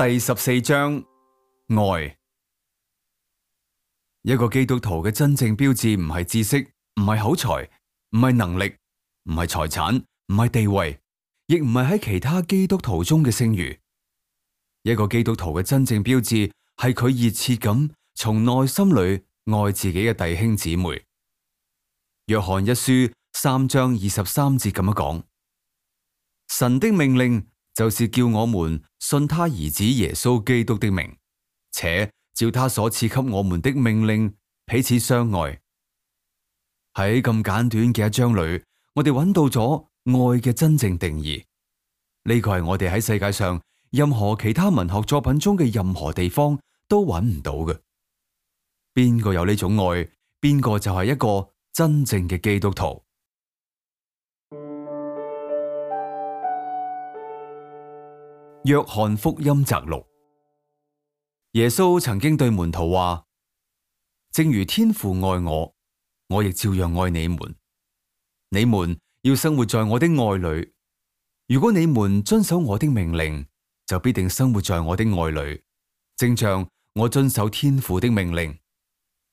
第十四章愛，一個基督徒嘅真正標誌唔係知識，唔係口才，唔係能力，唔係財產，唔係地位，亦唔係喺其他基督徒中嘅聲譽。一個基督徒嘅真正標誌係佢熱切咁從內心裏愛自己嘅弟兄姊妹。約翰一書三章二十三節咁樣講：神的命令。就是叫我們信他兒子耶穌基督的名，且照他所賜給我們的命令彼此相愛。喺咁簡短嘅一章裏，我哋揾到咗愛嘅真正定義。呢個係我哋喺世界上任何其他文學作品中嘅任何地方都揾唔到嘅。邊個有呢種愛，邊個就係一個真正嘅基督徒。約翰福音摘錄：耶穌曾經對門徒話，正如天父愛我，我亦照樣愛你們。你們要生活在我的愛裏。如果你們遵守我的命令，就必定生活在我的愛裏，正像我遵守天父的命令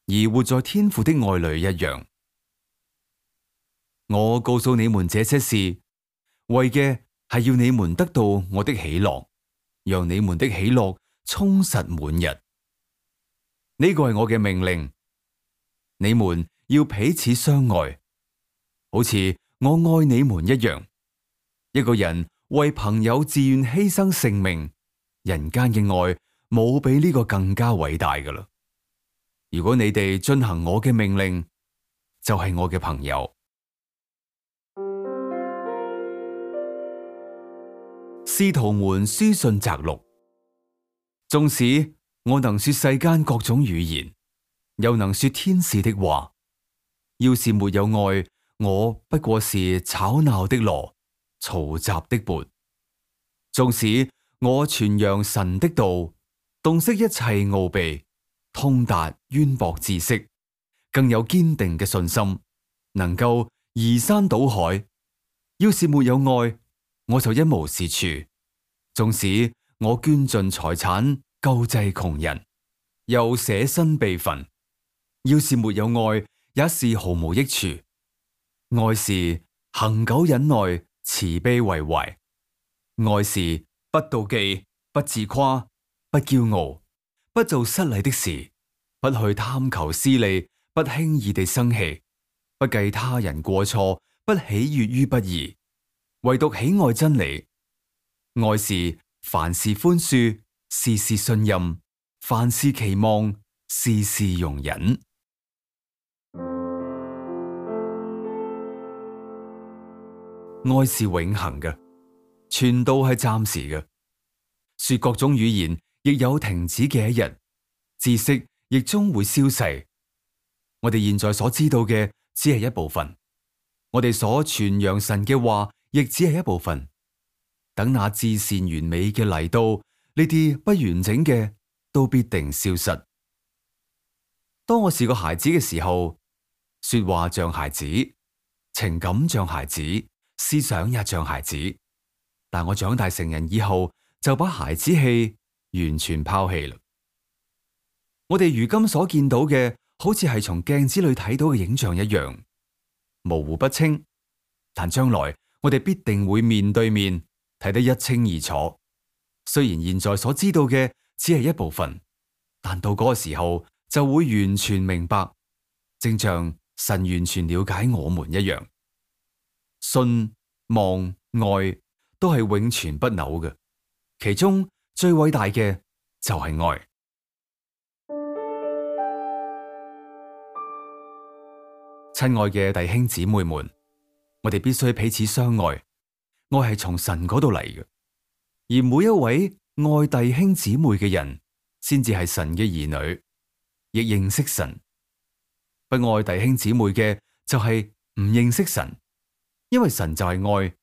而活在天父的愛裏一樣。我告訴你們這些事，為嘅。係要你們得到我的喜樂，讓你們的喜樂充實滿日。呢、這個係我嘅命令，你們要彼此相愛，好似我愛你們一樣。一個人為朋友自願犧牲性命，人間嘅愛冇比呢個更加偉大㗎喇。如果你哋遵行我嘅命令，就係、是、我嘅朋友。師徒們書信摘錄：縱使我能說世間各種語言，又能說天使的話，要是沒有愛，我不過是吵鬧的羅，嘈雜的撥。縱使我傳揚神的道，洞悉一切奧秘，通達淵博知識，更有堅定嘅信心，能夠移山倒海，要是沒有愛。我就一無是處，縱使我捐盡財產救濟窮人，又捨身被焚，要是沒有愛，也是毫無益處。愛是恒久忍耐、慈悲為懷；愛是不妒忌、不自誇、不驕傲、不驕傲、不做失禮的事、不去貪求私利、不輕易地生氣、不計他人過錯、不喜悦於不義。唯獨喜愛真理，愛是凡事寬恕，事事信任，凡事期望，事事容忍。愛是永恒嘅，傳道係暫時嘅，說各種語言亦有停止嘅一日，知識亦終會消逝。我哋現在所知道嘅只係一部分，我哋所傳揚神嘅話。亦只係一部分，等那至善完美嘅嚟到，呢啲不完整嘅都必定消失。當我是個孩子嘅時候，說話像孩子，情感像孩子，思想也像，像孩子。但我長大成人以後，就把孩子氣完全拋棄啦。我哋如今所見到嘅，好似係從鏡子裏睇到嘅影像一樣，模糊不清，但將來。我哋必定會面對面，睇得一清二楚，雖然現在所知道嘅只係一部分，但到嗰個時候就會完全明白，正像神完全了解我們一樣。信、望、愛都係永存不朽嘅，其中最偉大嘅就係愛。親愛嘅弟兄姊妹們。我哋必須彼此相愛，愛係從神嗰度嚟嘅，而每一位愛弟兄姊妹嘅人，先至係神嘅兒女，亦認識神。不愛弟兄姊妹嘅就係、是、唔認識神，因為神就係愛，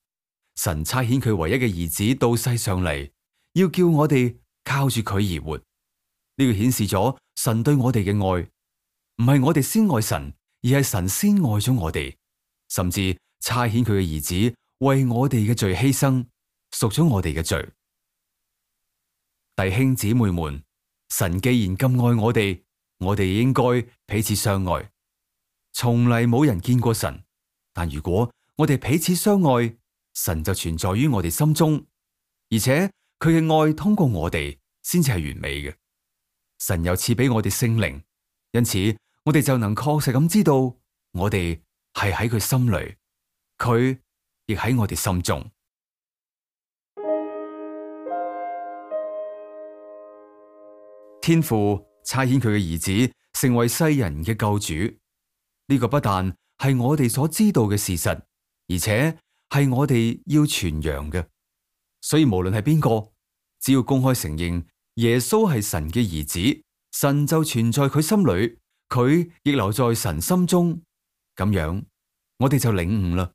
神差遣佢唯一嘅兒子到世上嚟，要叫我哋靠住佢而活。呢、這個顯示咗神對我哋嘅愛，唔係我哋先愛神，而係神先愛咗我哋，甚至。差遣佢嘅兒子為我哋嘅罪犧牲，贖咗我哋嘅罪。弟兄姊妹們，神既然咁愛我哋，我哋應該彼此相愛。從來冇人見過神，但如果我哋彼此相愛，神就存在於我哋心中，而且佢嘅愛通過我哋先至係完美嘅。神又賜俾我哋聖靈，因此我哋就能確實咁知道我哋係喺佢心裏。佢亦喺我哋心中，天父差遣佢嘅兒子成為世人嘅救主。呢個不但係我哋所知道嘅事實，而且係我哋要傳揚嘅。所以無論係邊個，只要公開承認耶穌係神嘅兒子，神就存在佢心裏，佢亦留在神心中。咁樣，我哋就領悟啦。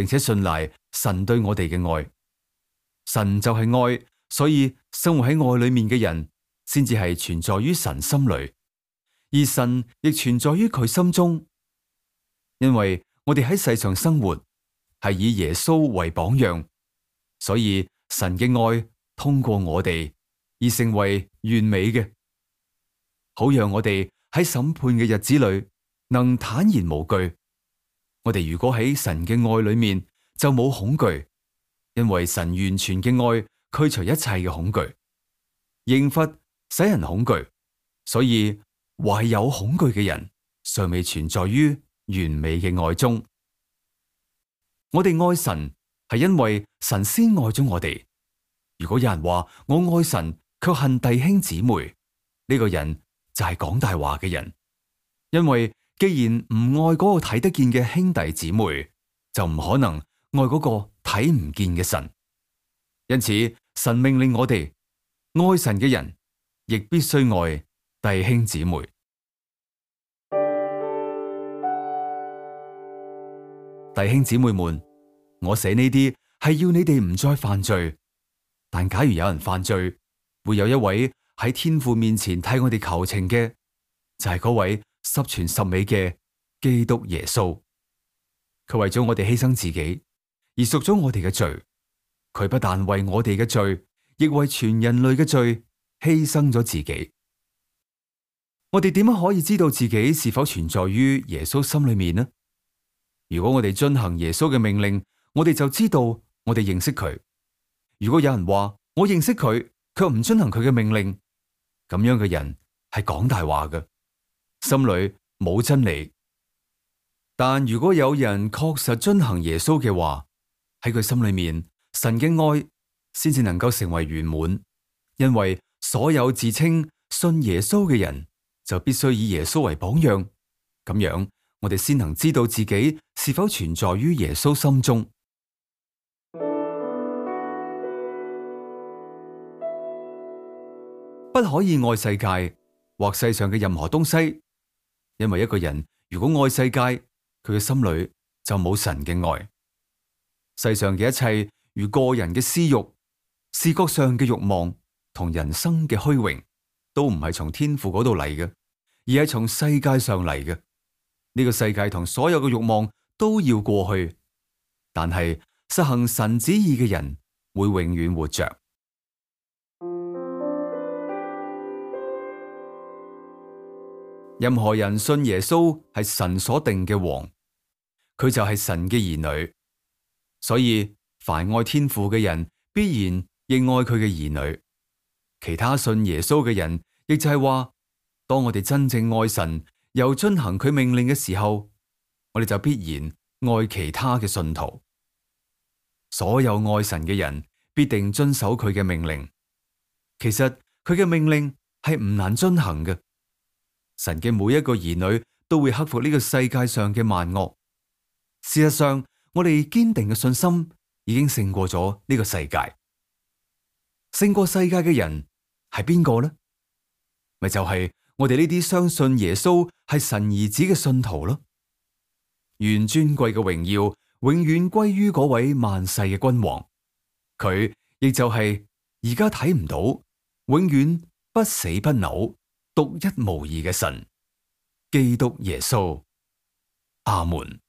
並且信賴神對我哋嘅愛，神就係愛，所以生活喺愛裏面嘅人，先至係存在於神心裏，而神亦存在於佢心中。因為我哋喺世上生活係以耶穌為榜樣，所以神嘅愛通過我哋而成為完美嘅，好讓我哋喺審判嘅日子裏，能坦然無懼。我哋如果喺神嘅愛裡面，就冇恐懼，因為神完全嘅愛驅除一切嘅恐懼。刑罰使人恐懼，所以懷有恐懼嘅人尚未存在於完美嘅愛中。我哋愛神，係因為神先愛咗我哋。如果有人話我愛神，卻恨弟兄姊妹，呢個人就係講大話嘅人，因為。既然唔愛嗰個睇得見嘅兄弟姊妹，就唔可能愛嗰個睇唔見嘅神。因此，神命令我哋愛神嘅人，亦必須愛弟兄姊妹。弟兄姊妹們，我寫呢啲係要你哋唔再犯罪。但假如有人犯罪，會有一位喺天父面前替我哋求情嘅，就係嗰位。十全十美嘅基督耶穌，佢為咗我哋犧牲自己而贖咗我哋嘅罪。佢不但為我哋嘅罪，亦為全人類嘅罪犧牲咗自己。我哋點樣可以知道自己是否存在於耶穌心裏面呢？如果我哋遵行耶穌嘅命令，我哋就知道我哋認識佢。如果有人話我認識佢，卻唔遵行佢嘅命令，咁樣嘅人係講大話嘅。心裏冇真理，但如果有人確實遵行耶穌嘅話，喺佢心裏面，神嘅愛先至能夠成為圓滿。因為所有自稱信耶穌嘅人，就必須以耶穌為榜樣，咁樣我哋先能知道自己是否存在於耶穌心中。 不可以愛世界或世上嘅任何東西。因為一個人如果愛世界，佢嘅心裏就冇神嘅愛。世上嘅一切，如個人嘅私欲、視覺上嘅欲望同人生嘅虛榮，都唔係從天父嗰度嚟嘅，而係從世界上嚟嘅。呢、這個世界同所有嘅欲望都要過去，但係實行神旨意嘅人會永遠活着。任何人信耶穌係神所定嘅王，佢就係神嘅兒女，所以凡愛天父嘅人必然亦愛佢嘅兒女。其他信耶穌嘅人，亦就係話，當我哋真正愛神，又遵行佢命令嘅時候，我哋就必然愛其他嘅信徒。所有愛神嘅人必定遵守佢嘅命令。其實佢嘅命令係唔難遵行嘅。神嘅每一個兒女都會克服呢個世界上嘅萬惡。事實上，我哋堅定嘅信心已經勝過咗呢個世界。勝過世界嘅人係邊個呢？咪就係、是、我哋呢啲相信耶穌係神兒子嘅信徒咯。願尊貴嘅榮耀永遠歸於嗰位萬世嘅君王。佢亦就係而家睇唔到，永遠不死不朽，獨一無二嘅神，基督耶穌，阿門。